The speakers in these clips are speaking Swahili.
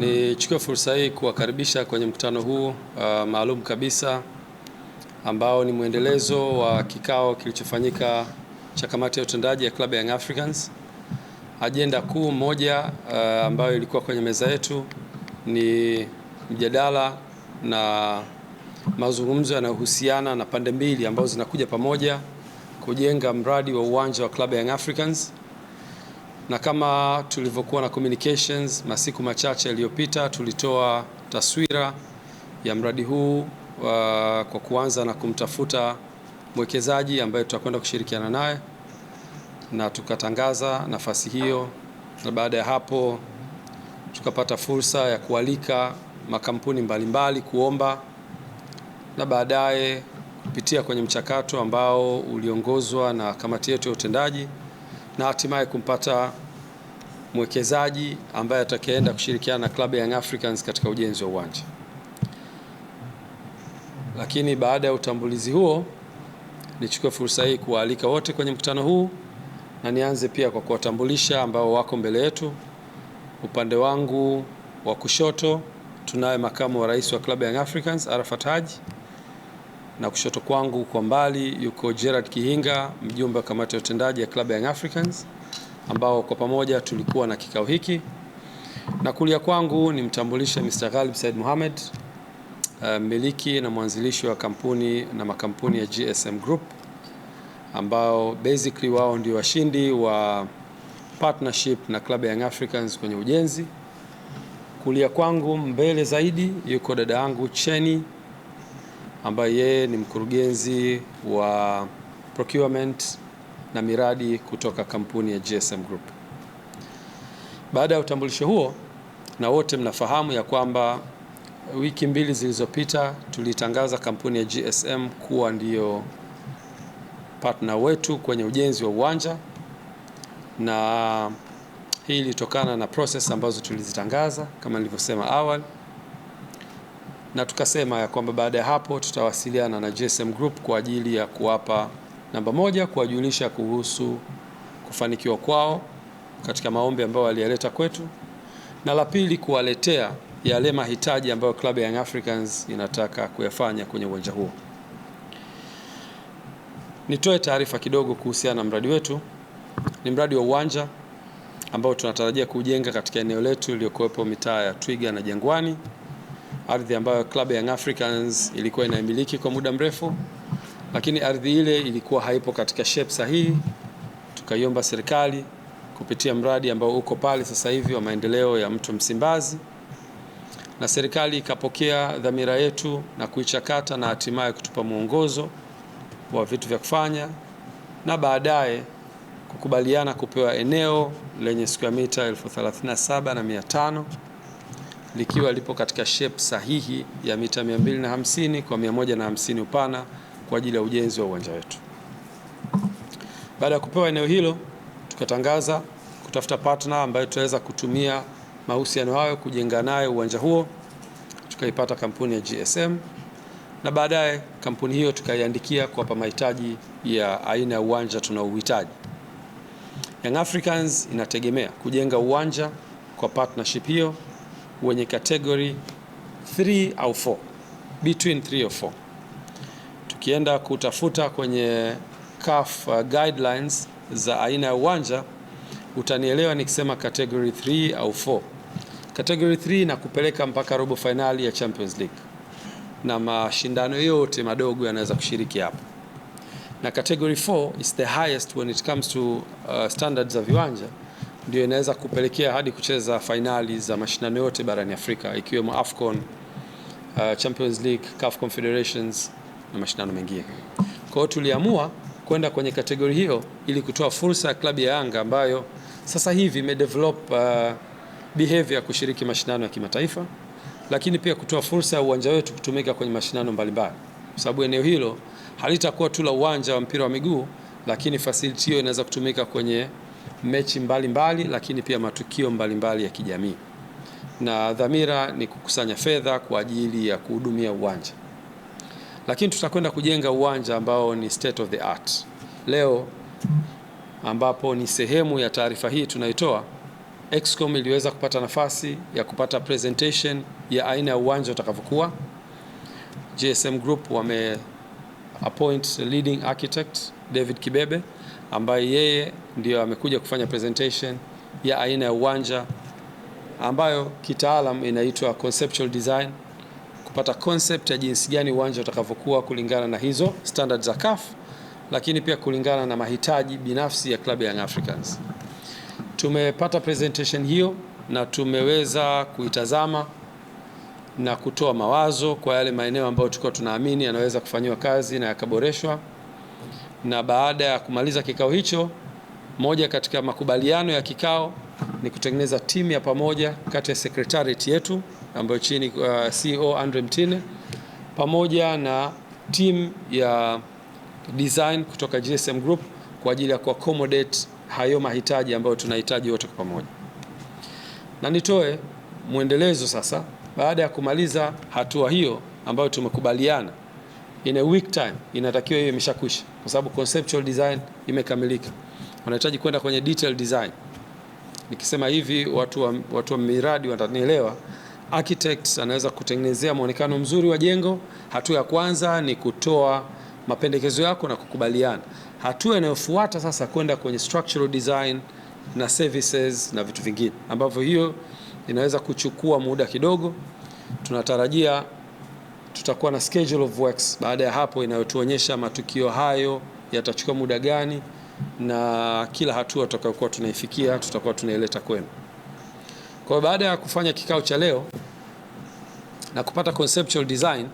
Nichukue fursa hii kuwakaribisha kwenye mkutano huu uh, maalum kabisa ambao ni mwendelezo wa kikao kilichofanyika cha kamati ya utendaji ya Club Young Africans. Ajenda kuu moja uh, ambayo ilikuwa kwenye meza yetu ni mjadala na mazungumzo yanayohusiana na pande mbili ambazo zinakuja pamoja kujenga mradi wa uwanja wa Club Young Africans na kama tulivyokuwa na communications masiku machache yaliyopita, tulitoa taswira ya mradi huu uh, kwa kuanza na kumtafuta mwekezaji ambaye tutakwenda kushirikiana naye na tukatangaza nafasi hiyo, na baada ya hapo tukapata fursa ya kualika makampuni mbalimbali mbali kuomba, na baadaye kupitia kwenye mchakato ambao uliongozwa na kamati yetu ya utendaji na hatimaye kumpata mwekezaji ambaye atakayeenda kushirikiana na klabu ya Young Africans katika ujenzi wa uwanja. Lakini baada ya utambulizi huo, nichukue fursa hii kuwaalika wote kwenye mkutano huu na nianze pia kwa kuwatambulisha ambao wako mbele yetu. Upande wangu wa kushoto tunaye makamu wa rais wa klabu ya Young Africans Arafat Haji, na kushoto kwangu kwa mbali yuko Gerard Kihinga, mjumbe wa kamati ya utendaji ya klabu ya Young Africans ambao kwa pamoja tulikuwa na kikao hiki, na kulia kwangu nimtambulishe Mr. Ghalib Said Mohamed, eh, mmiliki na mwanzilishi wa kampuni na makampuni ya GSM Group ambao basically wao ndio washindi wa partnership na Club Young Africans kwenye ujenzi. Kulia kwangu mbele zaidi yuko dada yangu Cheni ambaye yeye ni mkurugenzi wa procurement na miradi kutoka kampuni ya GSM Group. Baada ya utambulisho huo, na wote mnafahamu ya kwamba wiki mbili zilizopita tulitangaza kampuni ya GSM kuwa ndiyo partner wetu kwenye ujenzi wa uwanja, na hii ilitokana na process ambazo tulizitangaza kama nilivyosema awali, na tukasema ya kwamba baada ya hapo tutawasiliana na GSM Group kwa ajili ya kuwapa Namba moja, kuwajulisha kuhusu kufanikiwa kwao katika maombi ambayo waliyaleta kwetu, na la pili, kuwaletea yale mahitaji ambayo klabu ya Young Africans inataka kuyafanya kwenye uwanja huo. Nitoe taarifa kidogo kuhusiana na mradi wetu. Ni mradi wa uwanja ambao tunatarajia kujenga katika eneo letu iliyokuwepo mitaa ya Twiga na Jangwani, ardhi ambayo klabu ya Young Africans ilikuwa inaimiliki kwa muda mrefu lakini ardhi ile ilikuwa haipo katika shape sahihi. Tukaiomba serikali kupitia mradi ambao uko pale sasa hivi wa maendeleo ya mto Msimbazi, na serikali ikapokea dhamira yetu na kuichakata na hatimaye kutupa mwongozo wa vitu vya kufanya na baadaye kukubaliana kupewa eneo lenye square mita 37,500 likiwa lipo katika shape sahihi ya mita 250 kwa 150 upana kwa ajili ya ujenzi wa uwanja wetu. Baada ya kupewa eneo hilo, tukatangaza kutafuta partner ambayo tutaweza kutumia mahusiano hayo kujenga nayo uwanja huo. Tukaipata kampuni ya GSM na baadaye kampuni hiyo tukaiandikia kuwapa mahitaji ya aina ya uwanja tunaouhitaji. Young Africans inategemea kujenga uwanja kwa partnership hiyo wenye category 3 au 4, between 3 or 4. Ukienda kutafuta kwenye CAF uh, guidelines za aina ya uwanja utanielewa nikisema category 3 au 4. Category 3 inakupeleka mpaka robo finali ya Champions League na mashindano yote madogo yanaweza kushiriki hapo, na category 4 is the highest when it comes to uh, standards za viwanja, ndio inaweza kupelekea hadi kucheza fainali za mashindano yote barani Afrika ikiwemo AFCON, uh, Champions League, CAF Confederations na mashindano mengine. Kwa hiyo tuliamua kwenda kwenye kategori hiyo ili kutoa fursa ya klabu ya Yanga ambayo sasa hivi imedevelop uh, behavior ya kushiriki mashindano ya kimataifa, lakini pia kutoa fursa ya uwanja wetu kutumika kwenye mashindano mbalimbali, kwa sababu eneo hilo halitakuwa tu la uwanja wa mpira wa miguu, lakini facility hiyo inaweza kutumika kwenye mechi mbalimbali mbali, lakini pia matukio mbalimbali mbali ya kijamii, na dhamira ni kukusanya fedha kwa ajili ya kuhudumia uwanja lakini tutakwenda kujenga uwanja ambao ni state of the art leo, ambapo ni sehemu ya taarifa hii tunaitoa. Excom iliweza kupata nafasi ya kupata presentation ya aina ya uwanja utakavyokuwa. GSM Group wame appoint leading architect David Kibebe ambaye yeye ndiyo amekuja kufanya presentation ya aina ya uwanja ambayo kitaalam inaitwa conceptual design kupata concept ya jinsi gani uwanja utakavyokuwa kulingana na hizo standards za CAF, lakini pia kulingana na mahitaji binafsi ya klabu ya Young Africans. Tumepata presentation hiyo na tumeweza kuitazama na kutoa mawazo kwa yale maeneo ambayo tulikuwa tunaamini yanaweza kufanyiwa kazi na yakaboreshwa. Na baada ya kumaliza kikao hicho, moja katika makubaliano ya kikao ni kutengeneza timu ya pamoja kati ya secretariat yetu ambayo chini uh, CEO Andre Mtine pamoja na timu ya design kutoka GSM Group kwa ajili ya accommodate hayo mahitaji ambayo tunahitaji wote kwa pamoja. Na nitoe mwendelezo sasa, baada ya kumaliza hatua hiyo ambayo tumekubaliana, in a week time inatakiwa hiyo imeshakwisha, kwa sababu conceptual design imekamilika, wanahitaji kwenda kwenye detail design. Nikisema hivi watu wa, watu wa miradi watanielewa. Architects anaweza kutengenezea mwonekano mzuri wa jengo. Hatua ya kwanza ni kutoa mapendekezo yako na kukubaliana. Hatua inayofuata sasa kwenda kwenye structural design na services na vitu vingine ambavyo hiyo inaweza kuchukua muda kidogo. Tunatarajia tutakuwa na schedule of works baada ya hapo inayotuonyesha matukio hayo yatachukua muda gani na kila hatua tutakayokuwa tunaifikia tutakuwa tunaileta kwenu. Kwa hiyo baada ya kufanya kikao cha leo na kupata conceptual design,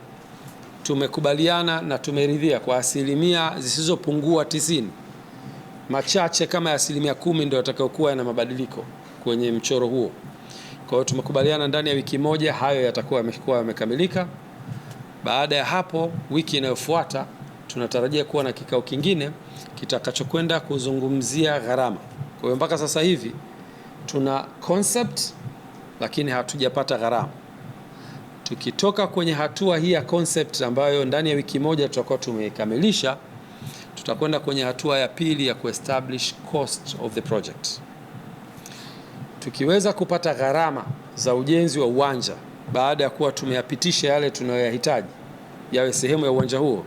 tumekubaliana na tumeridhia kwa asilimia zisizopungua tisini, machache kama ya asilimia kumi ndio yatakayokuwa yana mabadiliko kwenye mchoro huo. Kwa hiyo tumekubaliana ndani ya wiki moja hayo yatakuwa yamekuwa yamekamilika. Baada ya hapo, wiki inayofuata tunatarajia kuwa na kikao kingine kitakachokwenda kuzungumzia gharama. Kwa hiyo mpaka sasa hivi tuna concept lakini hatujapata gharama. Tukitoka kwenye hatua hii ya concept ambayo ndani ya wiki moja tutakuwa tumekamilisha, tutakwenda kwenye hatua ya pili ya kuestablish cost of the project. Tukiweza kupata gharama za ujenzi wa uwanja baada ya kuwa tumeyapitisha yale tunayoyahitaji yawe sehemu ya uwanja huo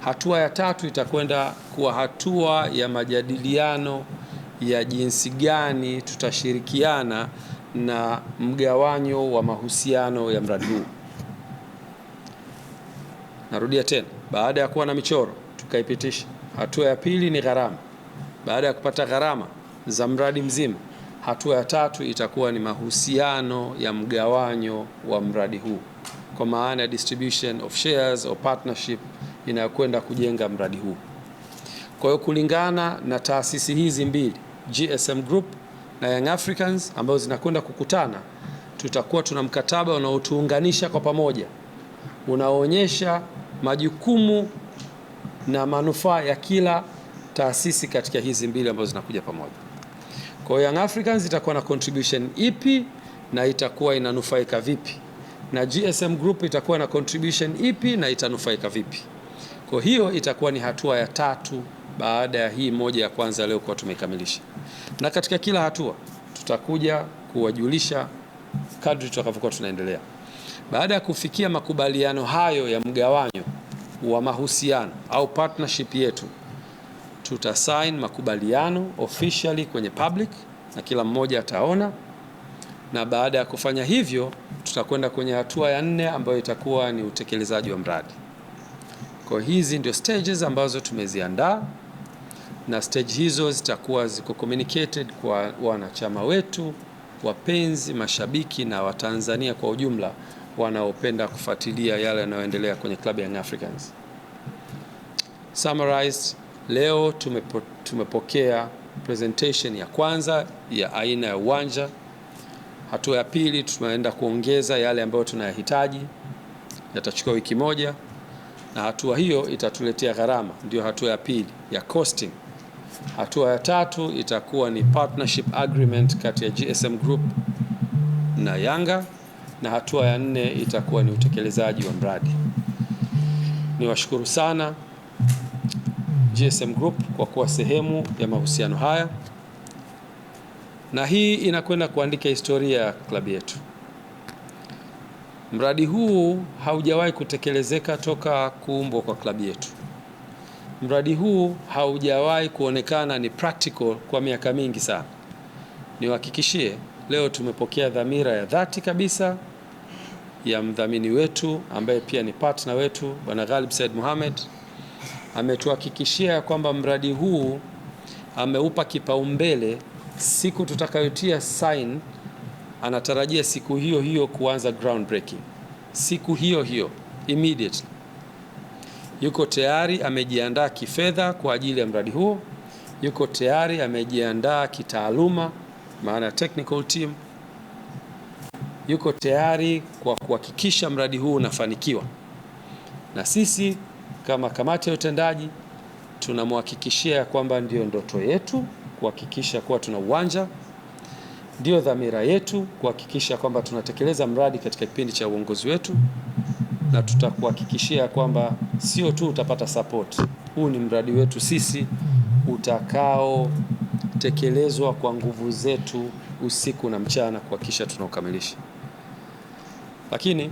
Hatua ya tatu itakwenda kuwa hatua ya majadiliano ya jinsi gani tutashirikiana na mgawanyo wa mahusiano ya mradi huu. Narudia tena, baada ya kuwa na michoro tukaipitisha, hatua ya pili ni gharama. Baada ya kupata gharama za mradi mzima, hatua ya tatu itakuwa ni mahusiano ya mgawanyo wa mradi huu, kwa maana ya distribution of shares or partnership inayokwenda kujenga mradi huu. Kwa hiyo kulingana na taasisi hizi mbili GSM Group na Young Africans ambazo zinakwenda kukutana, tutakuwa tuna mkataba unaotuunganisha kwa pamoja, unaoonyesha majukumu na manufaa ya kila taasisi katika hizi mbili ambazo zinakuja pamoja. Kwa Young Africans itakuwa na contribution ipi na itakuwa inanufaika vipi, na GSM Group itakuwa na contribution ipi na itanufaika vipi? Kwa hiyo itakuwa ni hatua ya tatu baada ya hii moja ya kwanza leo kwa tumekamilisha, na katika kila hatua tutakuja kuwajulisha kadri tutakavyokuwa tunaendelea. Baada ya kufikia makubaliano hayo ya mgawanyo wa mahusiano au partnership yetu, tutasign makubaliano officially kwenye public na kila mmoja ataona, na baada ya kufanya hivyo tutakwenda kwenye hatua ya nne ambayo itakuwa ni utekelezaji wa mradi. Kwa hizi ndio stages ambazo tumeziandaa na stage hizo zitakuwa ziko communicated kwa wanachama wetu, wapenzi, mashabiki na Watanzania kwa ujumla wanaopenda kufuatilia yale yanayoendelea kwenye klabu ya Young Africans. Summarized, leo tumepo, tumepokea presentation ya kwanza ya aina ya uwanja. Hatua ya pili tunaenda kuongeza yale ambayo tunayahitaji, yatachukua wiki moja na hatua hiyo itatuletea gharama, ndiyo hatua ya pili ya costing. Hatua ya tatu itakuwa ni partnership agreement kati ya GSM Group na Yanga, na hatua ya nne itakuwa ni utekelezaji wa mradi. Niwashukuru sana GSM Group kwa kuwa sehemu ya mahusiano haya, na hii inakwenda kuandika historia ya klabu yetu. Mradi huu haujawahi kutekelezeka toka kuumbwa kwa klabu yetu. Mradi huu haujawahi kuonekana ni practical kwa miaka mingi sana. Niwahakikishie, leo tumepokea dhamira ya dhati kabisa ya mdhamini wetu ambaye pia ni partner wetu Bwana Ghalib Said Mohamed ametuhakikishia kwamba mradi huu ameupa kipaumbele siku tutakayotia sign anatarajia siku hiyo hiyo kuanza breaking, siku hiyo hiyo immediately. Yuko tayari amejiandaa kifedha kwa ajili ya mradi huo, yuko tayari amejiandaa kitaaluma, maana technical team yuko tayari kwa kuhakikisha mradi huu unafanikiwa, na sisi kama kamati ya utendaji tunamhakikishia kwamba ndiyo ndoto yetu kuhakikisha kuwa tuna uwanja Ndiyo dhamira yetu kuhakikisha kwamba tunatekeleza mradi katika kipindi cha uongozi wetu, na tutakuhakikishia kwamba sio tu utapata support. Huu ni mradi wetu sisi utakaotekelezwa kwa nguvu zetu usiku na mchana kuhakikisha tunaukamilisha. Lakini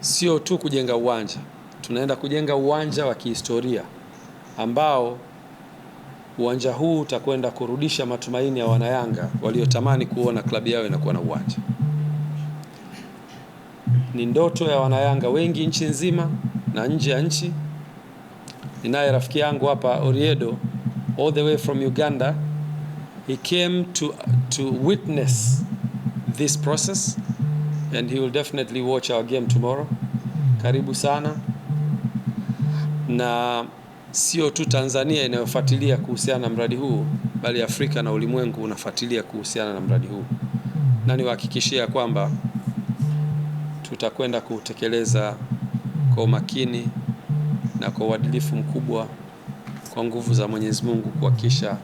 sio tu kujenga uwanja, tunaenda kujenga uwanja wa kihistoria ambao uwanja huu utakwenda kurudisha matumaini ya wanayanga waliotamani kuona klabu yao inakuwa na uwanja. Ni ndoto ya wanayanga wengi nchi nzima na nje ya nchi. Ninaye rafiki yangu hapa Oriedo, all the way from Uganda. He came to, to witness this process and he will definitely watch our game tomorrow. Karibu sana na sio tu Tanzania inayofuatilia kuhusiana na mradi huu, bali Afrika na ulimwengu unafuatilia kuhusiana na mradi huu, na niwahakikishia kwamba tutakwenda kuutekeleza kwa umakini na kwa uadilifu mkubwa kwa nguvu za Mwenyezi Mungu kuhakikisha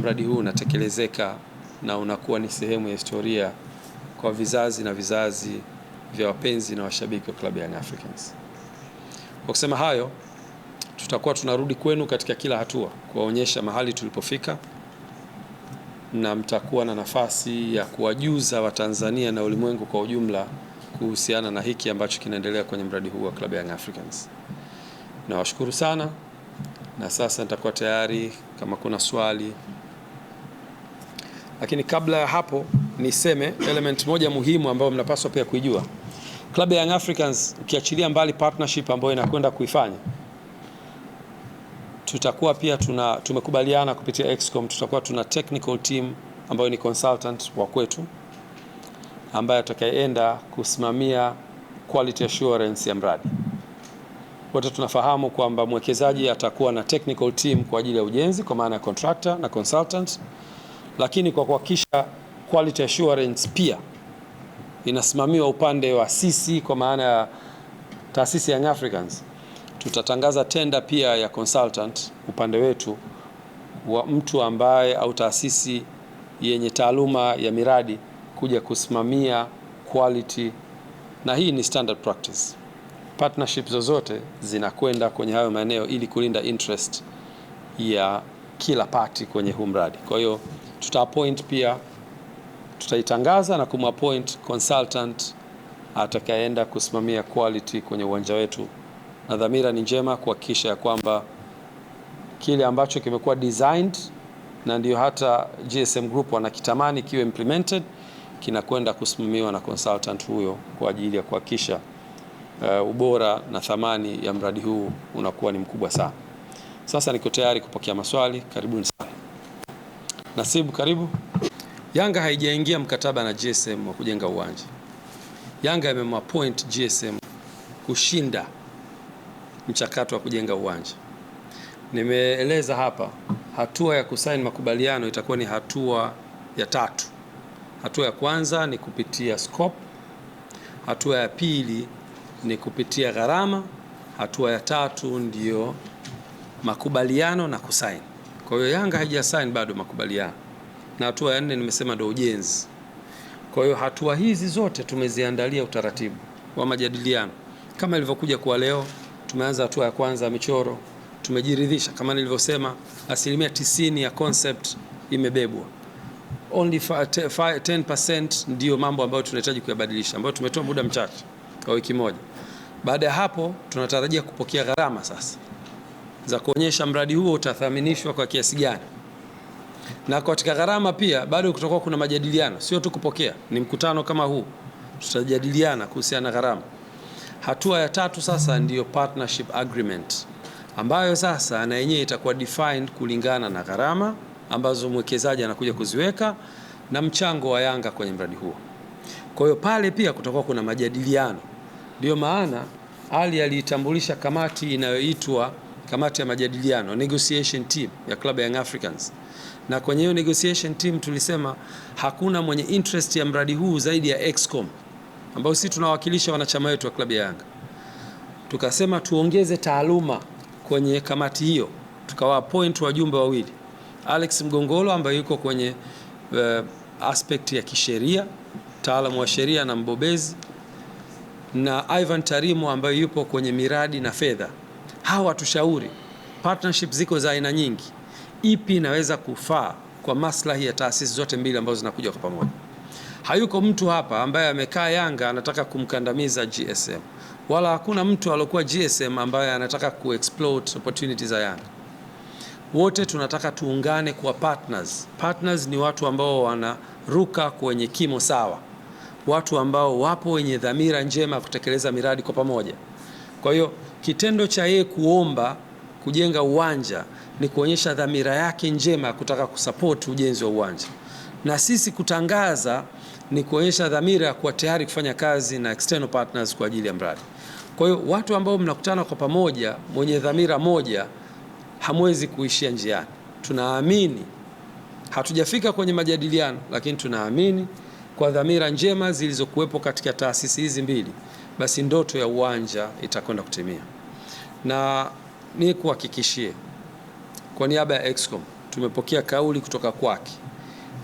mradi huu unatekelezeka na unakuwa ni sehemu ya historia kwa vizazi na vizazi vya wapenzi na washabiki wa klabu ya Young Africans. Kwa kusema hayo tutakuwa tunarudi kwenu katika kila hatua kuwaonyesha mahali tulipofika, na mtakuwa na nafasi ya kuwajuza Watanzania na ulimwengu kwa ujumla kuhusiana na hiki ambacho kinaendelea kwenye mradi huu wa Club Young Africans. Nawashukuru sana, na sasa nitakuwa tayari kama kuna swali, lakini kabla ya hapo niseme element moja muhimu ambayo mnapaswa pia kuijua. Club Young Africans ukiachilia mbali partnership ambayo inakwenda kuifanya tutakuwa pia tuna, tumekubaliana kupitia Excom tutakuwa tuna technical team ambayo ni consultant wa kwetu ambaye atakayeenda kusimamia quality assurance ya mradi. Wote tunafahamu kwamba mwekezaji atakuwa na technical team kwa ajili ya ujenzi kwa maana ya contractor na consultant, lakini kwa kuhakikisha quality assurance pia inasimamiwa upande wa sisi kwa maana ya taasisi Young Africans tutatangaza tenda pia ya consultant upande wetu wa mtu ambaye au taasisi yenye taaluma ya miradi kuja kusimamia quality, na hii ni standard practice. Partnership zozote zinakwenda kwenye hayo maeneo ili kulinda interest ya kila party kwenye huu mradi. Kwa hiyo tuta appoint pia, tutaitangaza na kumappoint consultant atakayeenda kusimamia quality kwenye uwanja wetu na dhamira ni njema kuhakikisha ya kwamba kile ambacho kimekuwa designed na ndiyo hata GSM Group wanakitamani kiwe implemented kinakwenda kusimamiwa na consultant huyo kwa ajili ya kuhakikisha uh, ubora na thamani ya mradi huu unakuwa ni mkubwa sana. Sasa niko tayari kupokea maswali, karibuni sana. Nasibu, karibu. Yanga haijaingia mkataba na GSM wa kujenga uwanja. Yanga imemwapoint GSM kushinda mchakato wa kujenga uwanja. Nimeeleza hapa hatua ya kusaini makubaliano itakuwa ni hatua ya tatu. Hatua ya kwanza ni kupitia scope, hatua ya pili ni kupitia gharama, hatua ya tatu ndiyo makubaliano na kusaini. Kwa hiyo Yanga haijasaini bado makubaliano, na hatua ya nne nimesema ndio ujenzi. Kwa hiyo hatua hizi zote tumeziandalia utaratibu wa majadiliano kama ilivyokuja kwa leo tumeanza hatua ya kwanza michoro, tumejiridhisha kama nilivyosema, asilimia 90 ya concept imebebwa, only 10% ndiyo mambo ambayo tunahitaji kuyabadilisha, ambayo tumetoa muda mchache kwa wiki moja. Baada ya hapo, tunatarajia kupokea gharama sasa za kuonyesha mradi huo utathaminishwa kwa kiasi gani, na katika gharama pia bado kutakuwa kuna majadiliano, sio tu kupokea. Ni mkutano kama huu, tutajadiliana kuhusiana na gharama. Hatua ya tatu sasa ndiyo partnership agreement ambayo sasa na yenyewe itakuwa defined kulingana na gharama ambazo mwekezaji anakuja kuziweka na mchango wa Yanga kwenye mradi huo. Kwa hiyo pale pia kutakuwa kuna majadiliano, ndiyo maana Ali aliitambulisha kamati inayoitwa kamati ya majadiliano, negotiation team ya klabu ya Young Africans, na kwenye hiyo negotiation team tulisema hakuna mwenye interest ya mradi huu zaidi ya Excom ambao sisi tunawakilisha wanachama wetu wa klabu ya Yanga, tukasema tuongeze taaluma kwenye kamati hiyo, tukawa appoint wajumbe wawili, Alex Mgongolo ambaye yuko kwenye uh, aspect ya kisheria, taalamu wa sheria na mbobezi, na Ivan Tarimo ambaye yupo kwenye miradi na fedha. Hawa tushauri partnership ziko za aina nyingi, ipi inaweza kufaa kwa maslahi ya taasisi zote mbili ambazo zinakuja kwa pamoja hayuko mtu hapa ambaye amekaa Yanga anataka kumkandamiza GSM, wala hakuna mtu aliokuwa GSM ambaye anataka kuexploit opportunities za Yanga. Wote tunataka tuungane kuwa partners. Partners ni watu ambao wanaruka kwenye kimo sawa, watu ambao wapo wenye dhamira njema ya kutekeleza miradi kwa pamoja. Kwa hiyo kitendo cha yeye kuomba kujenga uwanja ni kuonyesha dhamira yake njema ya kutaka kusapoti ujenzi wa uwanja na sisi kutangaza ni kuonyesha dhamira ya kuwa tayari kufanya kazi na external partners kwa ajili ya mradi. Kwa hiyo watu ambao mnakutana kwa pamoja mwenye dhamira moja, hamwezi kuishia njiani. Tunaamini hatujafika kwenye majadiliano, lakini tunaamini kwa dhamira njema zilizokuwepo katika taasisi hizi mbili, basi ndoto ya uwanja itakwenda kutimia, na ni kuhakikishie kwa niaba ya Excom tumepokea kauli kutoka kwake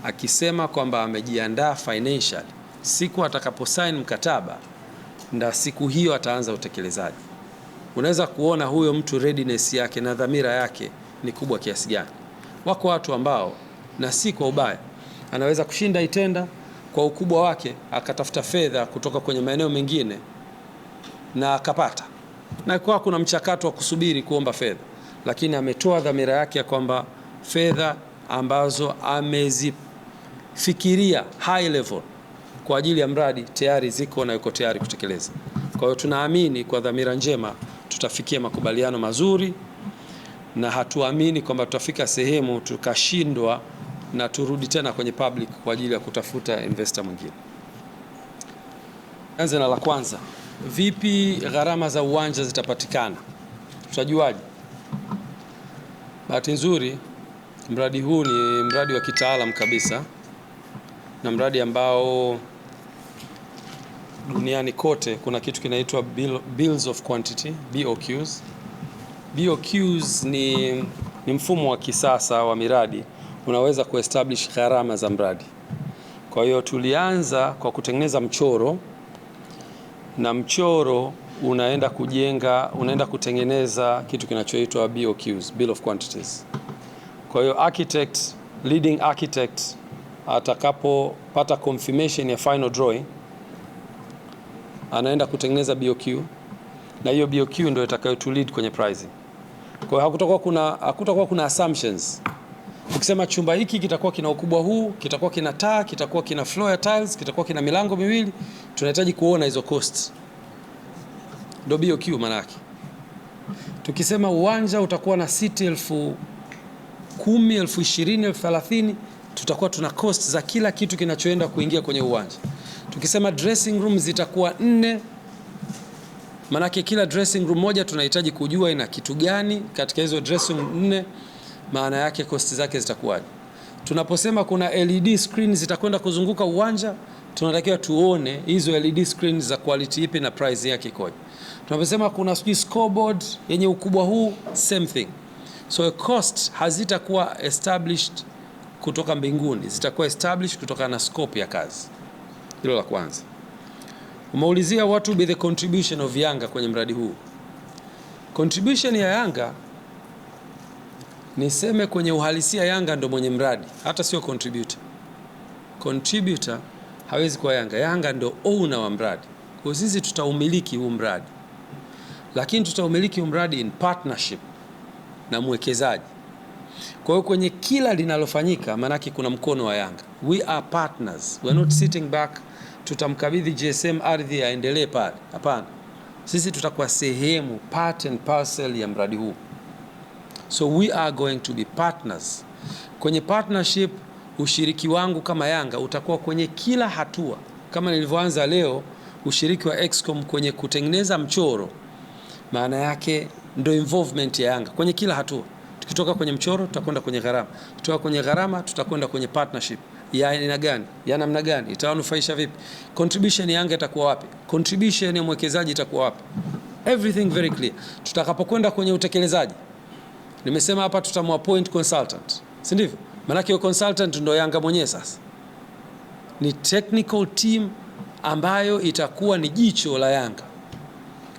akisema kwamba amejiandaa financial siku atakaposaini mkataba na siku hiyo ataanza utekelezaji. Unaweza kuona huyo mtu readiness yake na dhamira yake ni kubwa kiasi gani. Wako watu ambao, na si kwa ubaya, anaweza kushinda itenda kwa ukubwa wake, akatafuta fedha kutoka kwenye maeneo mengine na akapata, na kwa kuna mchakato wa kusubiri kuomba fedha, lakini ametoa dhamira yake ya kwamba fedha ambazo amezi fikiria high level kwa ajili ya mradi tayari ziko na yuko tayari kutekeleza. Kwa hiyo tunaamini kwa dhamira njema tutafikia makubaliano mazuri, na hatuamini kwamba tutafika sehemu tukashindwa na turudi tena kwenye public kwa ajili ya kutafuta investor mwingine. Anze na la kwanza, vipi gharama za uwanja zitapatikana? Tutajuaje? Bahati nzuri mradi huu ni mradi wa kitaalamu kabisa na mradi ambao duniani kote kuna kitu kinaitwa bill, bills of quantity BOQs. BOQs ni, ni mfumo wa kisasa wa miradi unaweza kuestablish gharama za mradi. Kwa hiyo tulianza kwa kutengeneza mchoro na mchoro unaenda kujenga unaenda kutengeneza kitu kinachoitwa BOQs, bill of quantities. Kwa hiyo architect, leading architect atakapopata confirmation ya final drawing anaenda kutengeneza BOQ na hiyo BOQ ndio itakayotu lead kwenye pricing. Kwa hiyo hakutakuwa kuna, hakutakuwa kuna assumptions. Ukisema chumba hiki kitakuwa kina ukubwa huu, kitakuwa kina taa, kitakuwa kina floor ya tiles, kitakuwa kina milango miwili, tunahitaji kuona hizo costs. Ndio BOQ maana yake. Tukisema uwanja utakuwa na siti elfu kumi, elfu ishirini, elfu thelathini tutakuwa tuna cost za kila kitu kinachoenda kuingia kwenye uwanja. Tukisema dressing room zitakuwa nne, maanake kila dressing room moja tunahitaji kujua ina kitu gani katika hizo dressing room nne, maana yake cost zake zitakuwaje? Tunaposema kuna LED screen zitakwenda kuzunguka uwanja, tunatakiwa tuone hizo LED screen za quality ipi na price yake ikoje. Tunaposema kuna sijui scoreboard yenye ukubwa huu, same thing. So cost hazitakuwa established kutoka mbinguni zitakuwa established kutokana na scope ya kazi. Hilo la kwanza. Umeulizia what will be the contribution of Yanga kwenye mradi huu. Contribution ya Yanga niseme, kwenye uhalisia Yanga ndo mwenye mradi, hata sio contributor. Contributor hawezi kuwa Yanga. Yanga ndo owner wa mradi, kwa sisi tutaumiliki huu mradi, lakini tutaumiliki huu mradi in partnership na mwekezaji kwa hiyo kwenye kila linalofanyika, maanake kuna mkono wa Yanga. We are partners, we are not sitting back. Tutamkabidhi GSM ardhi aendelee pale, hapana. Sisi tutakuwa sehemu, part and parcel ya mradi huu, so we are going to be partners. Kwenye partnership, ushiriki wangu kama Yanga utakuwa kwenye kila hatua, kama nilivyoanza leo, ushiriki wa Excom kwenye kutengeneza mchoro, maana yake ndo involvement ya Yanga kwenye kila hatua. Tukitoka kwenye mchoro tutakwenda kwenye gharama, kutoka kwenye gharama tutakwenda kwenye partnership ya aina gani, ya namna gani, itawanufaisha vipi? Contribution ya Yanga itakuwa wapi? Contribution ya mwekezaji itakuwa wapi? Everything very clear. Tutakapokwenda kwenye utekelezaji, nimesema hapa tutamwapoint consultant, si ndivyo? Maanake consultant ndo Yanga mwenyewe sasa ni technical team ambayo itakuwa ni jicho la Yanga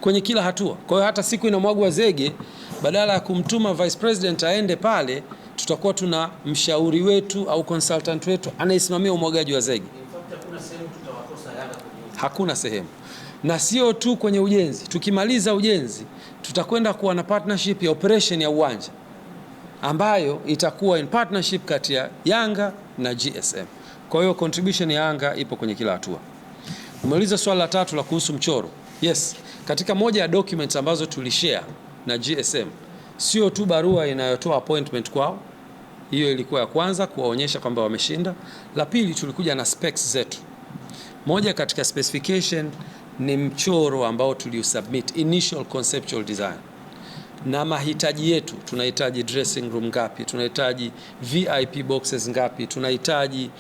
kwenye kila hatua. Kwa hiyo hata siku inamwagwa zege badala ya kumtuma vice president aende pale, tutakuwa tuna mshauri wetu au consultant wetu anayesimamia umwagaji wa zege. Hakuna sehemu, na sio tu kwenye ujenzi. Tukimaliza ujenzi, tutakwenda kuwa na partnership ya operation ya uwanja ambayo itakuwa in partnership kati ya Yanga na GSM. Kwa hiyo contribution ya Yanga ipo kwenye kila hatua. Umeuliza swali la tatu la kuhusu mchoro. Yes, katika moja ya documents ambazo tulishare na GSM, sio tu barua inayotoa appointment kwao. Hiyo ilikuwa ya kwanza, kuwaonyesha kwamba wameshinda. La pili, tulikuja na specs zetu. Moja katika specification ni mchoro ambao tuliusubmit initial conceptual design na mahitaji yetu. Tunahitaji dressing room ngapi? Tunahitaji VIP boxes ngapi? Tunahitaji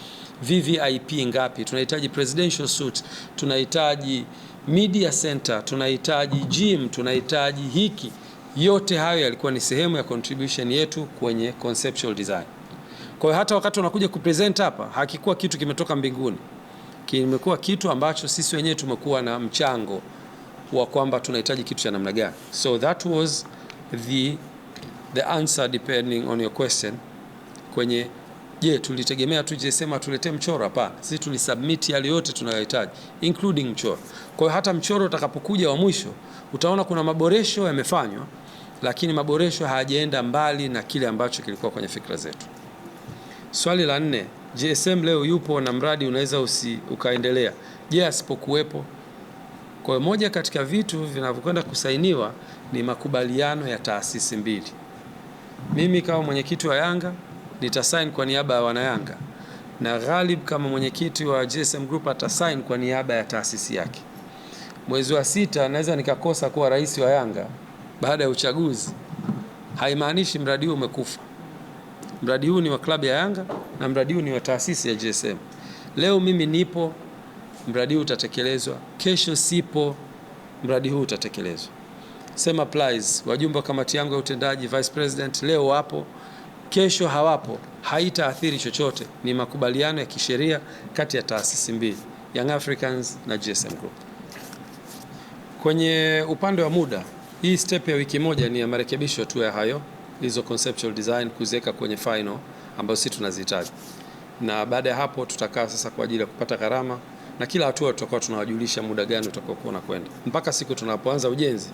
VVIP ngapi? Tunahitaji presidential suite, tunahitaji media center, tunahitaji gym, tunahitaji hiki yote hayo yalikuwa ni sehemu ya contribution yetu kwenye conceptual design. Kwa hiyo hata wakati unakuja kupresent hapa, hakikuwa kitu kimetoka mbinguni, kimekuwa kitu ambacho sisi wenyewe tumekuwa na mchango wa kwamba tunahitaji kitu cha namna gani. So that was the the answer depending on your question kwenye je, tulitegemea tujesema tuletee mchoro? Hapana, sisi tulisubmit yale yote tunayohitaji including mchoro. Kwa hiyo hata mchoro utakapokuja wa mwisho utaona kuna maboresho yamefanywa lakini maboresho hayajaenda mbali na kile ambacho kilikuwa kwenye fikra zetu. Swali la nne, GSM leo yupo na mradi unaweza usi, ukaendelea. Je, asipokuwepo? Kwa hiyo moja katika vitu vinavyokwenda kusainiwa ni makubaliano ya taasisi mbili. Mimi kama mwenyekiti wa Yanga nitasign kwa niaba ya wanayanga na Ghalib kama mwenyekiti wa GSM Group atasign kwa niaba ya taasisi yake. Mwezi wa sita naweza nikakosa kuwa rais wa Yanga baada ya uchaguzi haimaanishi mradi huu umekufa. Mradi huu ni wa klabu ya Yanga na mradi huu ni wa taasisi ya GSM. Leo mimi nipo, mradi huu utatekelezwa. Kesho sipo, mradi huu utatekelezwa. Sema Plies, wajumbe wa kamati yangu ya utendaji, vice president, leo wapo, kesho hawapo, haitaathiri chochote. Ni makubaliano ya kisheria kati ya taasisi mbili, Young Africans na GSM Group. Kwenye upande wa muda hii step ya wiki moja ni ya marekebisho tu ya hayo hizo conceptual design kuziweka kwenye final ambayo sisi tunazihitaji, na baada ya hapo tutakaa sasa kwa ajili ya kupata gharama, na kila hatua tutakuwa tunawajulisha muda gani kuona kwenda mpaka siku tunapoanza ujenzi.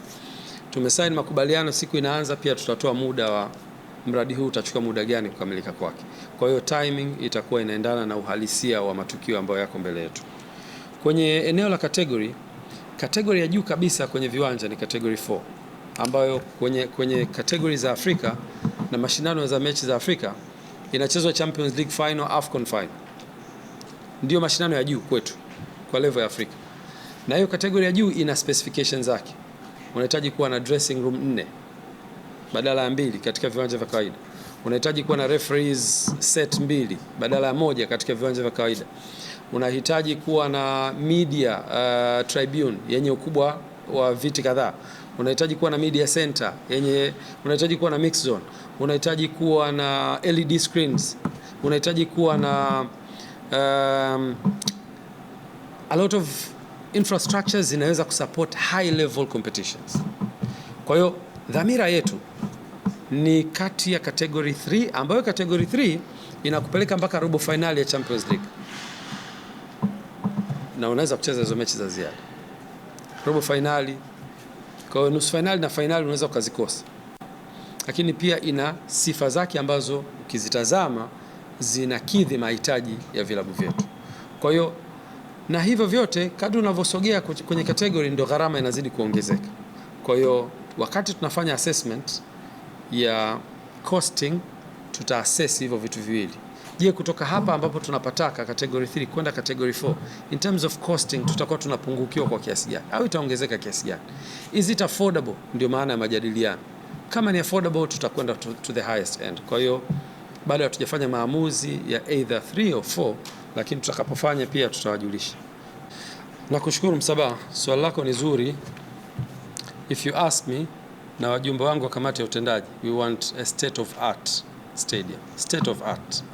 Tumesaini makubaliano, siku inaanza pia, tutatoa muda wa mradi huu utachukua muda gani kukamilika kwake. Kwa hiyo timing itakuwa inaendana na uhalisia wa matukio ambayo yako mbele yetu. Kwenye eneo la category, category ya juu kabisa kwenye viwanja ni category ambayo kwenye, kwenye kategori za Afrika na mashindano za mechi za Afrika inachezwa Champions League final, AFCON final, ndio mashindano ya juu kwetu kwa level ya Afrika, na hiyo kategori ya juu ina specifications zake. Unahitaji kuwa na dressing room nne badala ya mbili katika viwanja vya kawaida. Unahitaji kuwa na referees set mbili badala ya moja katika viwanja vya kawaida. Unahitaji kuwa na media uh, tribune yenye ukubwa wa viti kadhaa unahitaji kuwa na media center yenye, unahitaji kuwa na mix zone, unahitaji kuwa na LED screens, unahitaji kuwa na um, a lot of infrastructures zinaweza kusupport high level competitions. Kwa hiyo dhamira yetu ni kati ya category 3 ambayo category 3 inakupeleka mpaka robo finali ya Champions League na unaweza kucheza hizo mechi za ziada robo finali kwa hiyo nusu fainali na fainali unaweza ukazikosa, lakini pia ina sifa zake ambazo ukizitazama zinakidhi mahitaji ya vilabu vyetu. Kwa hiyo na hivyo vyote, kadri unavyosogea kwenye kategori ndo gharama inazidi kuongezeka. Kwa hiyo wakati tunafanya assessment ya costing, tutaassess hivyo vitu viwili. Je, kutoka hapa ambapo tunapataka category 3 kwenda category 4 in terms of costing tutakuwa tunapungukiwa kwa kiasi gani au itaongezeka kiasi gani? Is it affordable? Ndio maana ya majadiliano. Kama ni affordable, tutakwenda to, to the highest end. Kwa hiyo bado hatujafanya maamuzi ya either 3 or 4, lakini tutakapofanya pia tutawajulisha. Nakushukuru Msabaha, swali lako ni zuri. If you ask me na wajumbe wangu wa kamati ya utendaji, we want a state of art stadium, state of art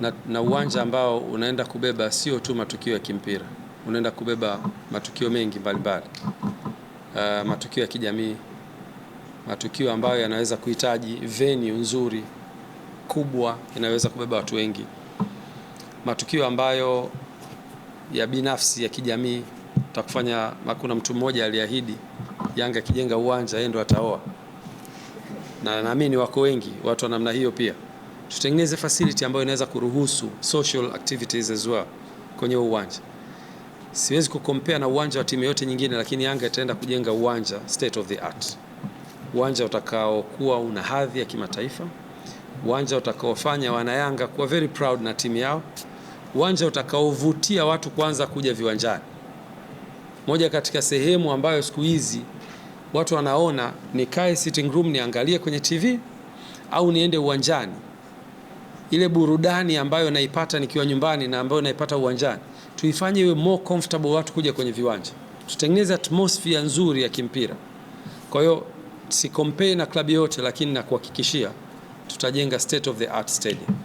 na, na uwanja ambao unaenda kubeba sio tu matukio ya kimpira, unaenda kubeba matukio mengi mbalimbali uh, matukio ya kijamii, matukio ambayo yanaweza kuhitaji venue nzuri kubwa inayoweza kubeba watu wengi, matukio ambayo ya binafsi ya kijamii takufanya. Kuna mtu mmoja aliahidi Yanga akijenga uwanja yeye ndo ataoa na naamini wako wengi watu wa namna hiyo. Pia tutengeneze facility ambayo inaweza kuruhusu social activities as well kwenye uwanja. Siwezi kukompea na uwanja wa timu yote nyingine, lakini Yanga itaenda kujenga uwanja state of the art, uwanja utakaokuwa una hadhi ya kimataifa, uwanja utakaofanya wana yanga kuwa very proud na timu yao, uwanja utakaovutia watu kwanza kuja viwanjani. Moja katika sehemu ambayo siku hizi watu wanaona nikae sitting room niangalie kwenye TV au niende uwanjani. Ile burudani ambayo naipata nikiwa nyumbani na ambayo naipata uwanjani tuifanye iwe more comfortable watu kuja kwenye viwanja, tutengeneze atmosphere nzuri ya kimpira. Kwa hiyo si compare na klabu yote, lakini nakuhakikishia tutajenga state of the art stadium.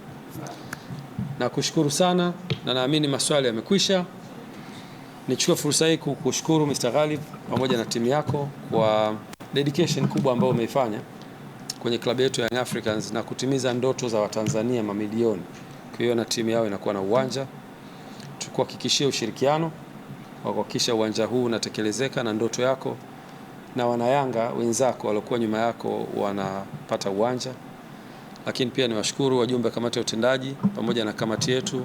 Nakushukuru sana na naamini maswali yamekwisha. Nichukue fursa hii kukushukuru Mr. Ghalib pamoja na timu yako kwa dedication kubwa ambayo umeifanya kwenye klabu yetu ya Young Africans na kutimiza ndoto za Watanzania mamilioni kuiona timu yao inakuwa na uwanja. Tukuhakikishie ushirikiano wa kuhakikisha uwanja huu unatekelezeka na ndoto yako na wanayanga wenzako waliokuwa nyuma yako wanapata uwanja. Lakini pia niwashukuru wajumbe wa kamati ya utendaji pamoja na kamati yetu